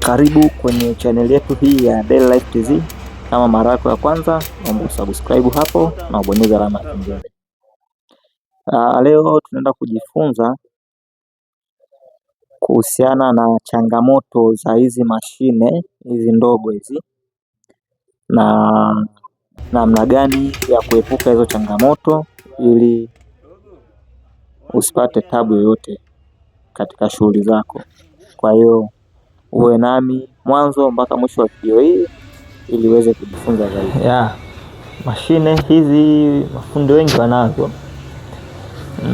Karibu kwenye chaneli yetu hii ya Daily Life TV. Kama mara yako ya kwanza, naomba usubscribe hapo na ubonyeze alama ya kengele. Ah, leo tunaenda kujifunza kuhusiana na changamoto za hizi mashine hizi ndogo hizi na namna gani ya kuepuka hizo changamoto ili usipate tabu yoyote katika shughuli zako. Kwa hiyo uwe nami mwanzo mpaka mwisho wa video hii ili uweze kujifunza zaidi. Yeah. Mashine hizi mafundi wengi wanazo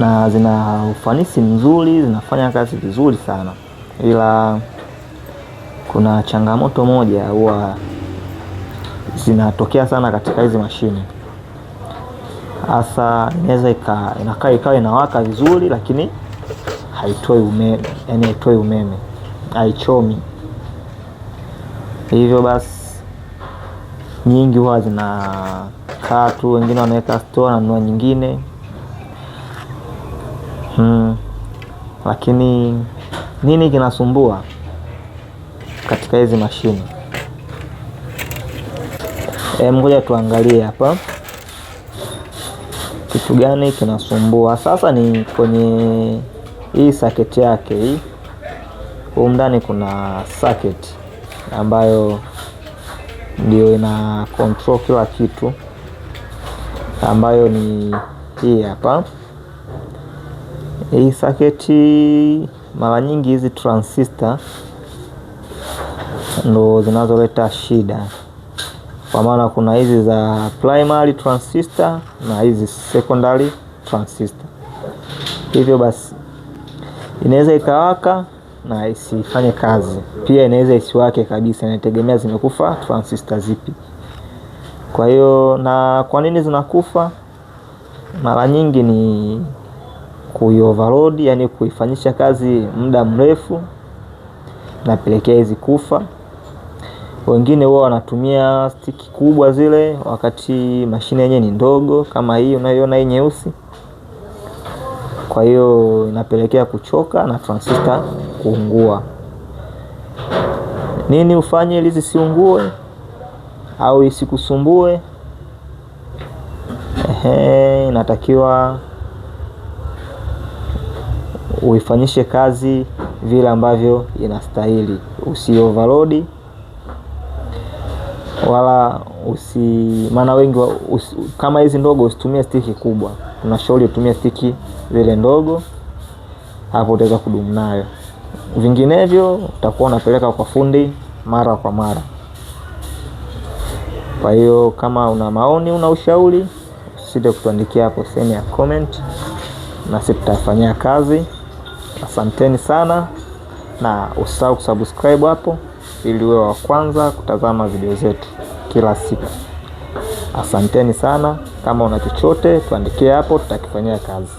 na zina ufanisi mzuri, zinafanya kazi vizuri sana, ila kuna changamoto moja huwa zinatokea sana katika hizi mashine hasa, inaweza inakaa ikawa inawaka vizuri, lakini haitoi umeme, yani haitoi umeme haichomi. Hivyo basi nyingi huwa zinakaa tu, wengine wanaweka store na nunua nyingine hmm. Lakini nini kinasumbua katika hizi mashine e, ngoja tuangalie hapa kitu gani kinasumbua. Sasa ni kwenye hii saketi yake hii huu ndani kuna socket ambayo ndio ina control kila kitu, ambayo ni hii hapa. Hii socket, mara nyingi hizi transistor ndo zinazoleta shida, kwa maana kuna hizi za primary transistor na hizi secondary transistor. Hivyo basi inaweza ikawaka na isifanye kazi, pia inaweza isiwake kabisa, inategemea zimekufa transistor zipi. Kwa hiyo na kwa nini zinakufa? Mara nyingi ni kuioverload, yani kuifanyisha kazi muda mrefu, napelekea hizi kufa. Wengine huwa wanatumia stiki kubwa zile, wakati mashine yenyewe ni ndogo, kama hii unayoona hii nyeusi kwa hiyo inapelekea kuchoka na transistor kuungua. Nini ufanye ili zisiungue au isikusumbue? Ehe, inatakiwa uifanyishe kazi vile ambavyo inastahili, usi overload wala usi maana wengi wa, usi, kama hizi ndogo usitumie stiki kubwa, tunashauri utumie stiki zile ndogo, hapo utaweza kudumu nayo. Vinginevyo utakuwa unapeleka kwa fundi mara kwa mara. Kwa hiyo kama una maoni, una ushauri, usite kutuandikia hapo sehemu ya comment, na sisi tutafanyia kazi. Asanteni sana, na usisahau kusubscribe hapo ili uwe wa kwanza kutazama video zetu kila siku. Asanteni sana. Kama una chochote tuandikie hapo, tutakifanyia kazi.